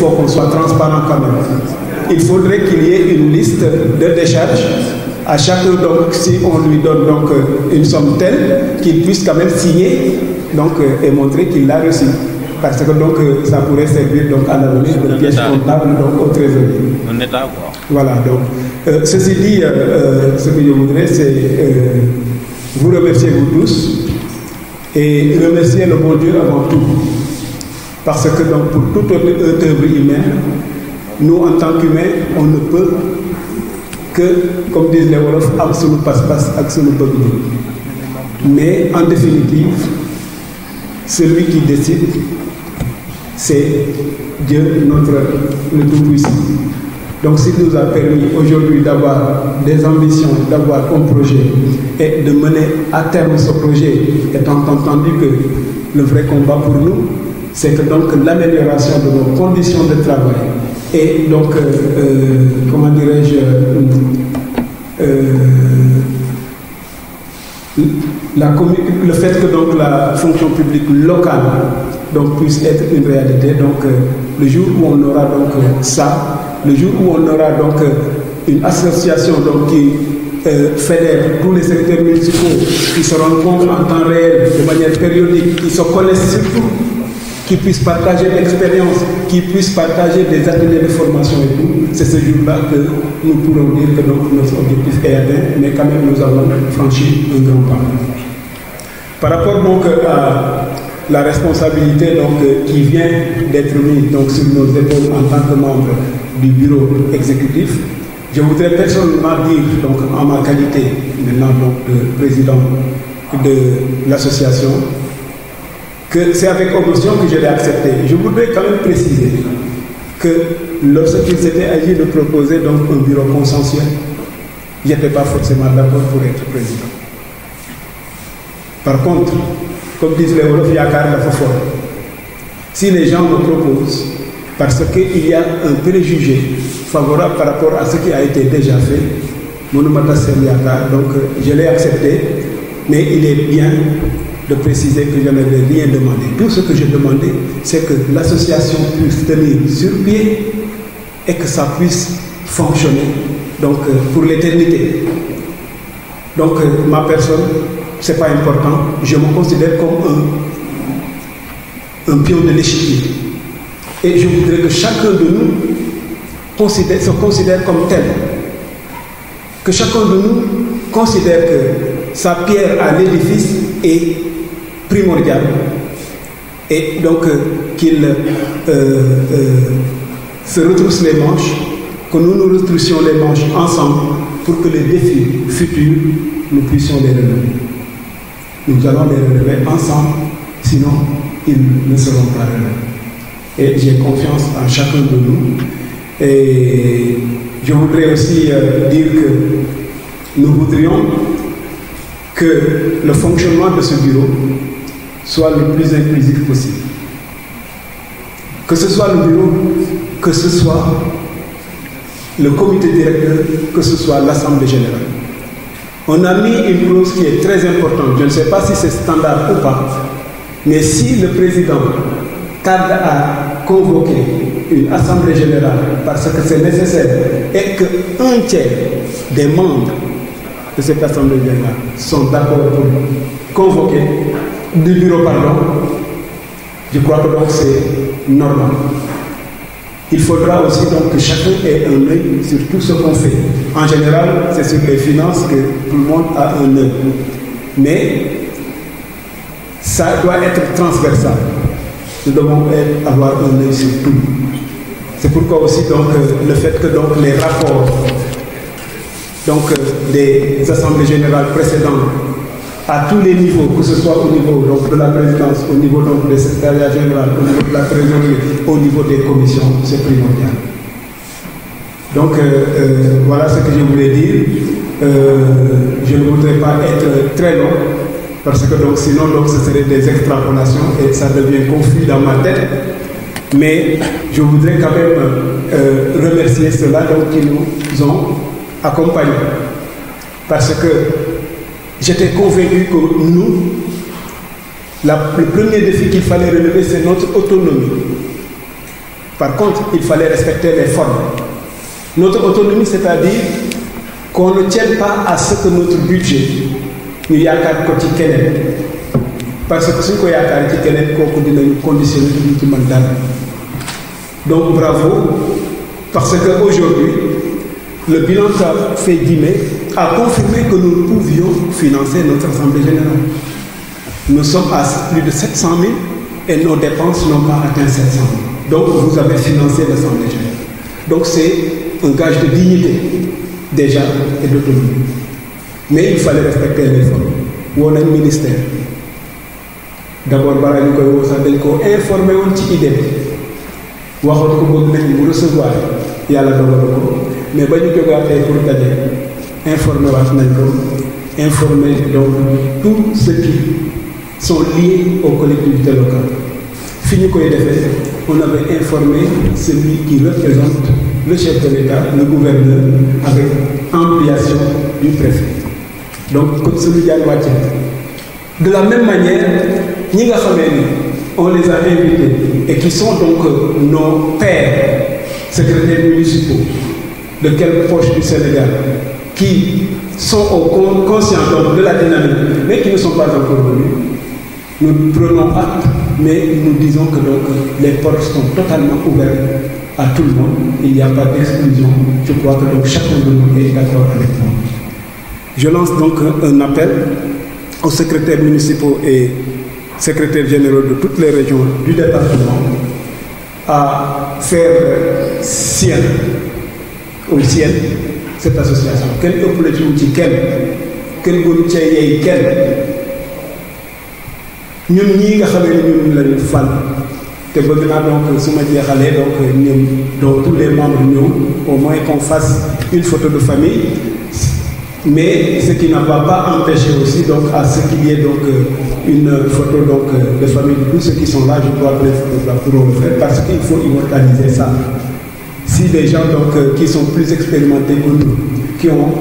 faut qu'on soit transparent quand même. Il faudrait qu'il y ait une liste de décharges à chacun, donc, si on lui donne donc euh, somme telle, qu'il puisse quand même signer euh, et montrer qu'il l'a reçu. Parce que donc, euh, ça pourrait servir donc, à l'avenir de pièce comptable donc, au Voilà, donc. ceci dit, ce que je voudrais, c'est vous remercier vous tous et remercier le bon Dieu avant tout. Parce que donc pour toute autre œuvre humaine, nous en tant qu'humains, on ne peut que, comme disent les Wolofs, am sunu pas-pas ak sunu Mais en définitive, celui qui décide, c'est Dieu, notre le Tout-Puissant. Donc s'il nous a permis aujourd'hui d'avoir des ambitions, d'avoir un projet et de mener à terme ce projet, étant entendu que le vrai combat pour nous, c'est que donc l'amélioration de nos conditions de travail et donc, euh, euh, comment dirais-je, euh, euh la le fait que donc la fonction publique locale donc, puisse être une réalité. Donc, le jour où on aura donc ça, le jour où on aura donc une association donc, qui euh, fédère tous les secteurs municipaux, qui se rencontrent en temps réel, de manière périodique, qui se connaissent surtout qui puissent partager l'expérience, qui puissent partager des ateliers formation et tout. C'est ce jour-là que nous pourrons dire que donc, notre objectif est mais quand même nous avons franchi un grand pas. Par rapport donc à la responsabilité donc, qui vient d'être mise donc, nos épaules en tant que membres du bureau exécutif, je voudrais personnellement dire, en ma qualité maintenant donc, de président de l'association, que c'est avec opposition que je l'ai accepté. Je voudrais quand préciser que lorsqu'il s'était agi de proposer donc un bureau consensuel, il pas forcément d'accord pour être président. Par contre, comme disent les Wolof, Yakar la fort. Si les gens me proposent, parce qu'il y a un préjugé favorable par rapport à ce qui a été déjà fait, Monumata Yakar, donc je l'ai accepté, mais il est bien de préciser que je n'avais rien demandé. Tout ce que j'ai demandé, c'est que l'association puisse tenir sur pied et que ça puisse fonctionner donc, euh, pour l'éternité. Donc euh, ma personne, ce n'est pas important. Je me considère comme un, un pion de l'échiquier. Et je voudrais que chacun de nous se considère comme tel. Que chacun de nous considère que sa pierre à l'édifice est primordial et donc euh, qu'il euh, euh, se retrousse les manches, que nous nous retroussions les manches ensemble pour que les défis futurs, nous puissions les relever. Nous allons les relever ensemble, sinon ils ne seront pas relevés. Et j'ai confiance en chacun de nous. Et je voudrais aussi dire que nous voudrions que le fonctionnement de ce bureau soit le plus inclusif possible. Que ce soit le bureau, que ce soit le comité directeur, que ce soit l'Assemblée générale. On a mis une clause qui est très importante. Je ne sais pas si c'est standard ou pas, mais si le président tarde à convoquer une assemblée générale parce que c'est nécessaire et que un tiers des membres de cette assemblée générale sont d'accord pour convoquer des bureaux, pardon, je crois que donc c'est normal. Il faudra aussi donc que chacun ait un œil sur tout ce qu'on fait. En général, c'est sur les finances que tout le monde a un œil. Mais ça doit être transversal. Nous devons avoir un œil sur tout. C'est pourquoi aussi donc euh, le fait que donc les rapports euh, des assemblées générales précédentes à tous les niveaux, que ce soit au niveau de la présidence, au niveau donc, des secrétariats généraux, au niveau de la trésorerie, au niveau des commissions, c'est primordial. Donc euh, euh, voilà ce que je voulais dire. Euh, je ne voudrais pas être très long, parce que donc, sinon donc, ce serait des extrapolations et ça devient confus dans ma tête. Mais je voudrais quand même remercier ceux-là qui nous ont accompagnés. Parce que J'étais convaincu que nous, la, le premier défi qu'il fallait relever, c'est notre autonomie. Par contre, il fallait respecter les formes. Notre autonomie, c'est-à-dire qu'on ne tienne pas à ce que notre budget ñu yaakaar ko ci keneen parce que suñ ko yaakaar ci keneen kooku dinañu conditionné duñu ci mën dara donc bravo parce que aujourd'hui le bilan qu'a fait Guimé a confirmé que nous pouvions financer notre Assemblée générale. Nous sommes à plus de cent 000 et nos dépenses n'ont pas atteint 700 000. Donc vous avez financé l'Assemblée générale. Donc c'est un gage de dignité déjà et d'autonomie. Mais il fallait respecter les formes. woon nañ ministère d'abord balaa ñu koy woo sax dañ koo informé woon ci idée bi waxoon ko bëgg nañ mu recevoir yàlla dogal ko mais ba ñu jógaatee pour daje informé waat nañ ko informer donc tous ceux qui sont liés aux collectivités locales fi ñu koy defee on avait informé celui qui représente le chef de l'État le gouverneur avec ampliation du préfet donc comme suñu jaar wàcce de la même manière ñi nga xamee on les a invités et qui sont donc nos pairs secrétaires municipaux de quelle poche du Sénégal qui sont au conscients de la dynamique, mais qui ne sont pas encore venus, nous prenons acte, mais nous disons que donc, les portes sont totalement ouvertes à tout le monde. Il n'y a pas d'exclusion. Je crois que donc chacun de nous est d'accord avec Je lance donc un appel aux secrétaires municipaux et secrétaires généraux de toutes les régions du département à faire sien ou sienne cette association kenn ëppale ci wu ci kenn kenn gënu cee yey kenn ñun ñii nga xamee ne ñun lañu fal te bëgg naa donc su ma jeexalee donc ñun donc tous les ñëw au moins qu'on fasse une photo de famille mais ce qui n'a pas pas empêché aussi donc à ce qu'il y donc euh, une photo donc euh, de famille de tous ceux qui sont là je dois le pour le faire parce qu'il faut immortaliser ça. si des gens donc, euh, qui sont plus expérimentés que nous, qui ont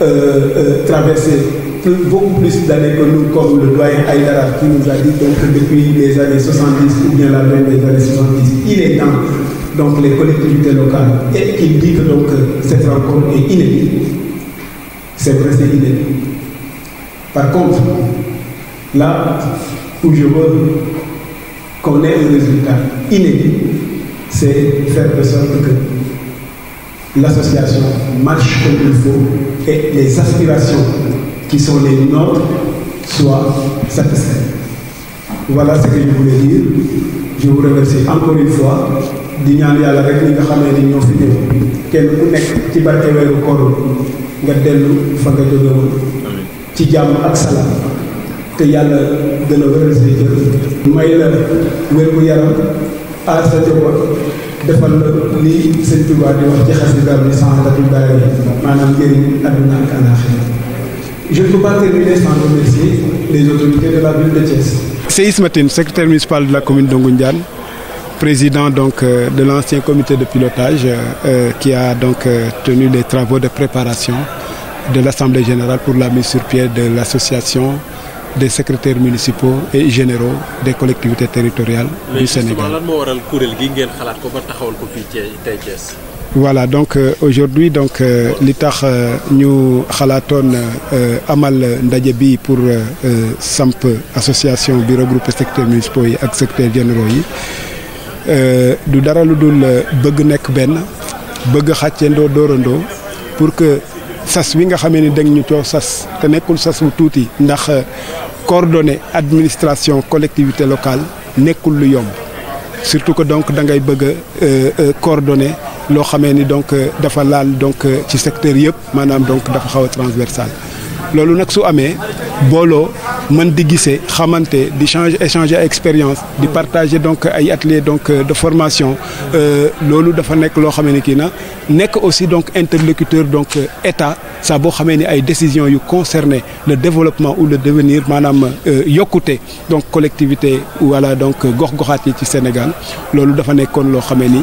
euh, euh, traversé plus, plus d'années que nous, comme le doyen Aïdara qui nous a dit donc, depuis les années ou bien la fin des années il est temps donc, les collectivités locales et qu'il dit que cette rencontre est inédite. C'est vrai, c'est inédit. Par contre, là où je veux qu'on ait un résultat inédit, c'est faire de sorte que l'association marche comme il faut et les aspirations qui sont les nôtres soient satisfaites. Voilà ce que je voulais dire. Je encore une fois di ñaan yàlla rek ñi nga xamee ni ñoo fi ñëw kenn ku nekk ci barke weeru koor nga dellu fa nga jóge ci jàmm ak salaam te yàlla gën a wéral say jëf may la wér gu yaram aar sa njaboot defal lii sëñ Tuubaa di wax ci xasidaam ni sànqatul bàyyi maanaam njëriñ àdduna ak àllaaxira je ne peux pas terminer sans remercier les autorités de la ville de Thiès. Séis Matine, secrétaire municipal de la commune d'Ongoundiane, président donc euh, de l'ancien comité de pilotage euh, euh, qui a donc euh, tenu les travaux de préparation de l'Assemblée générale pour la mise sur pied de l'association des secrétaires municipaux et généraux des collectivités territoriales Mais Sénégal. lan moo waral kuréel gi ngeen xalaat ko ba taxawal ko fii ci tey Thiès. voilà donc euh, aujourd'hui donc euh, li tax euh, ñu xalaatoon euh, amal ndaje bi pour euh, samp association bi regroupe secteurs municipaux yi ak secteurs généraux yi du dara lu dul bëgg nekk benn bëgg xàccendoo dóorandoo pour que sas wi nga xamee ni dañ ñu coo sas te nekkul sas wu tuuti ndax coordonner administration collectivité locale nekkul lu yomb surtout que donc da ngay bëgg a euh, euh, coordonner loo xamee ni donc euh, dafa laal donc ci secteur yëpp maanaam donc dafa xaw a transversal loolu nag su amee booloo man di gisee xamante di changer échanger expérience di partager donc ay atelier donc euh, de formation euh, loolu dafa nekk loo xamee ne kii na nekk aussi donc interlocuteur donc euh, état saa boo xamee ni ay décisions yu concerné le développement ou le devenir maanaam yokkute donc collectivité wala donc gox-goxaat yi ci Sénégal loolu dafa nekkoon loo xamee ni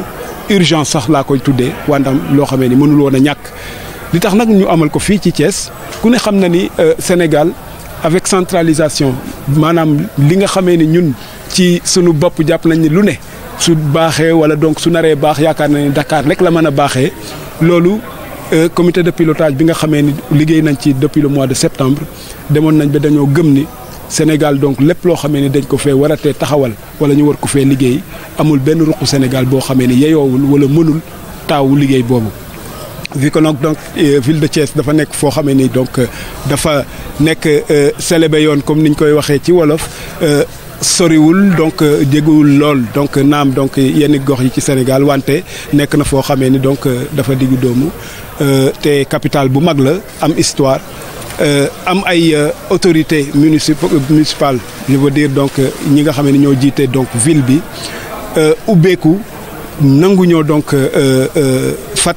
urgence sax laa koy tuddee wandam loo xamee ni mënul woon a ñàkk li tax nag ñu amal ko fii ci Thiès ku ne xam na ni Sénégal avec centralisation maanaam li nga xamee ne ñun ci suñu bopp jàpp nañ ne lu ne su baaxee wala donc su naree baax yaakaar na ne Dakar rek la mën a baaxee loolu euh, comité de pilotage bi nga xamee ni liggéey nañ ci depuis le mois de septembre demoon nañ ba dañoo gëm ni Sénégal donc lépp loo xamee ni dañ ko fee waratee taxawal wala ñu war ko fee liggéey amul benn ruqu Sénégal boo xamee ni yeyoowul wala mënul taawu liggéey boobu vu que donc donc euh, ville de Thiès dafa nekk foo xamee ni donc euh, dafa nekk euh, célébé yoon comme ni ñu koy waxee ci wolof soriwul donc jéggiwul lool donc naam donc yenn gox yi ci Sénégal wante nekk na foo xamee ni donc dafa diggu doomu te capital bu mag la am histoire am ay autorité municipale je veux dire donc ñi nga xam ne ñoo jiite donc ville bi ubbeeku nanguñoo donc fat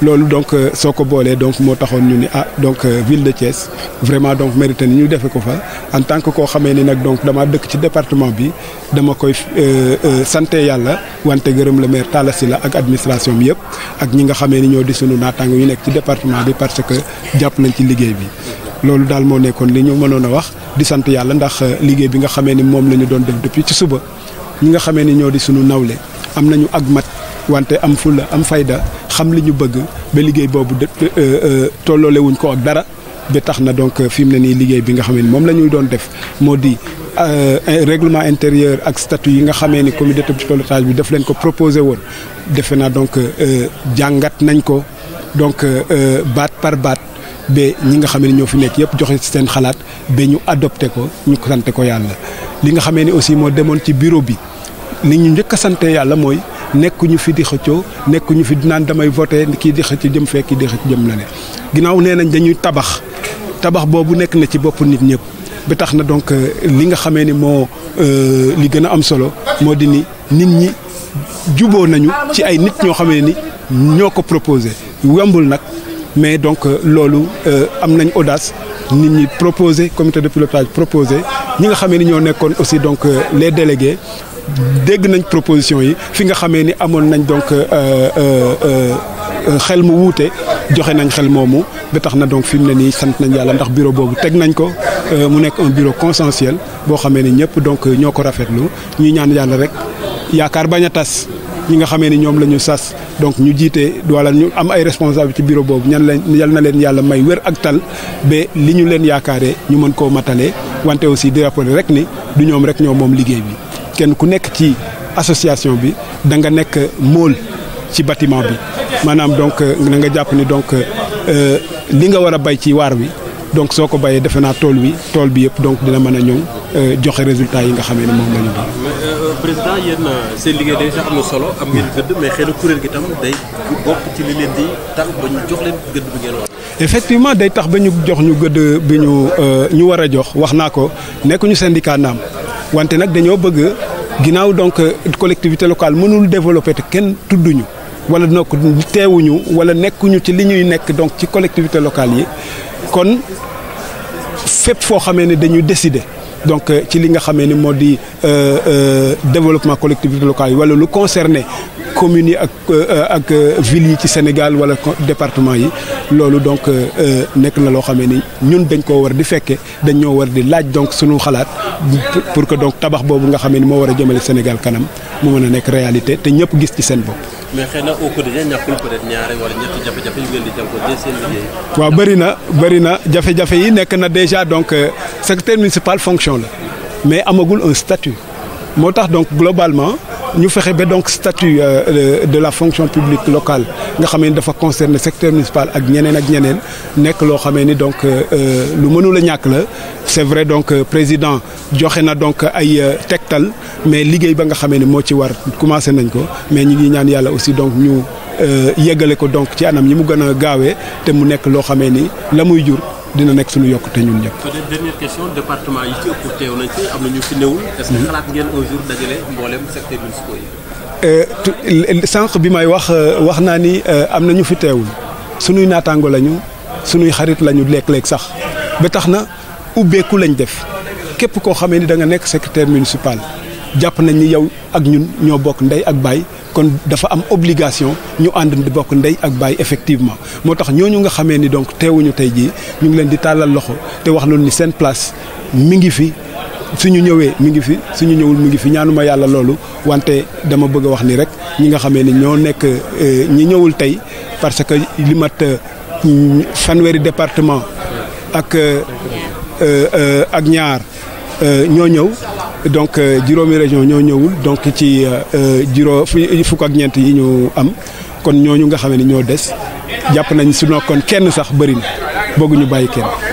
loolu donc euh, soo ko boolee donc moo taxoon ñu ni ah donc euh, ville de Thiès vraiment donc mérité ni ñu defee ko fa en tant que koo xamee ni nag donc damaa dëkk ci département bi dama koy euh, sante yàlla wante gërëm le maire Talla la ak administration bi yëpp ak ñi nga xamee ni ñoo di suñu naataango yu nekk ci département bi parce que jàpp nañ ci liggéey bi. loolu daal moo nekkoon li ñu mënoon a wax di sant yàlla ndax liggéey bi nga xamee ni moom la ñu doon def depuis ci suba ñi nga xamee ni ñoo di sunu nawle am nañu ak mat. wante am fulla am fayda xam li ñu bëgg ba liggéey boobu euh, euh, tolloole wuñ ko ak dara ba tax na donc euh, fi mu ne nii liggéey bi nga xam ne moom la ñuy doon def moo di règlement intérieur ak statut yi nga xamee ni comité de pilotage bi def leen ko propose woon defe naa donc jàngat nañ ko donc baat par baat ba ñi nga xamee ne ñoo fi nekk yëpp joxe seen xalaat ba ñu adopté ko ñu sante ko yàlla. li nga xamee ni aussi moo demoon ci bureau bi li ñu njëkk a yàlla mooy. nekkuñu fi di xëccoo nekkuñu fi dinaan damay voté kii di xëcc jëm fekk kii di xëcc jëm la ne ginnaaw nee nañ dañuy tabax tabax boobu nekk na ci bopp nit ñëpp ba tax na donc euh, li nga xamee ni moo euh, li gën a am solo moo di ni nit ñi juboo nañu ci ay nit ñoo xamee ni ñoo ko proposé yombul nag mais donc euh, loolu am nañ audace nit ñi proposé commité de pilotage proposé ñi nga xamee ni ñoo nekkoon aussi donc les délégués dégg nañ proposition yi fi nga xamee ni amoon nañ donc euh, euh, euh, xel mu wuute joxe nañ xel moomu ba tax na donc fi mu ne nii sant nañ yàlla ndax bureau boobu teg nañ ko mu nekk un bureau consensuel boo xamee ni ñëpp donc ñoo ko rafetlu ñuy ñaan yàlla rek yaakaar bañ a tas ñi nga xamee ni ñoom la ñu sas donc ñu jiite wala ñu am ay responsable ci bureau boobu ñan lañ yal na leen yàlla may wér ak tal ba li ñu leen yaakaaree ñu mën koo matale wante aussi di rappeler rek ni du ñoom rek ñoo moom liggéey bi. kenn ku nekk ci association bi da nga nekk mool ci batiment bi maanaam donc na nga jàpp ni donc euh, li nga war a bay ci waar wi donc soo ko bayee defe naa tool wi tool bi yëpp donc dina mën a ñëw euh, joxe résultat yi nga xamee ne moom la ñu euh, seen liggéey déjà am na solo am ngeen xëy na kuréel gi tam day bokk ci li leen di effectivement day tax ba ñu jox ñu gëdd bi ñu ñu war a jox wax naa ko nekkuñu syndicat naam wante nag dañoo bëgg. ginnaaw donc collectivité locale mënul développer te kenn tudduñu wala donc teewuñu wala nekkuñu ci li ñuy nekk donc ci collectivité locale yi kon fépp foo xamee ne dañu décider. donc euh, ci li nga xamee ni moo di euh, euh, développement collectivité locale yi wala lu concerné communes yi ak ak villes yi ci Sénégal wala département yi loolu donc nekk na loo xamee ni ñun dañ koo war di fekkee dañ ñoo war di laaj donc suñu xalaat pour que donc tabax boobu nga xamee ni moo war a jëmale Sénégal kanam mu mën a nekk réalité te ñëpp gis ci seen bopp. mais xëy na au quotidien ñàkkul peut-être ñaare wala ñetti jafe-jafe yu waaw bëri na bëri na jafe-jafe yi nekk na déjà donc euh, secrétaire municipal fonction la mais amagul un statut. moo tax donc globalement ñu fexe ba donc statut euh, de la fonction publique locale nga xamee ni dafa concerner secteur municipal ak ñeneen ak ñeneen nekk loo xamee ni donc euh, euh, lu mënul a ñàkk la c'est vrai donc président joxe na donc ay tegtal mais liggéey ba nga xamee ni moo ci war commencé nañ ko mais ñu ngi ñaan yàlla aussi donc ñu yeggale ko donc ci anam ñi mu gën a gaawee te mu nekk loo xamee ni la muy jur dina nekk suñu yokkute ñun ñëpp. peut-être département ci ëpp teew nañ ci na ñu fi néewul. est-ce que mhm. euh, sànq bi may wax euh, wax naa ni euh, am na ñu fi teewul suñuy naataango lañu suñuy xarit lañu léeg-léeg sax ba tax na ubbeeku lañ def képp koo xamee ni da nga nekk secrétaire municipal jàpp nañ ni yow ak ñun ñoo bokk ndey ak baay. kon dafa am obligation ñu ànd di bokk ndey ak baay effectivement moo tax ñooñu nga xamee ni donc teewuñu tey jii ñu ngi leen di tàllal loxo te wax loolu ni seen place mi ngi fi suñu ñëwee mi ngi fi suñu ñëwul mi ngi fi ñaanuma yàlla loolu wante dama bëgg wax ni rek ñi nga xamee ni ñoo nekk euh, ñi ñëwul tey parce que limat euh, fanweeri département ak euh, ak ñaar ñoo ñëw donc euh, juróomi région ñoo ñëwul donc ci euh, juróom fukk ak ñeent yi ñu am kon ñooñu nga xam ne ñoo des jàpp nañ su kon kenn sax bëri na ñu bàyyi kenn.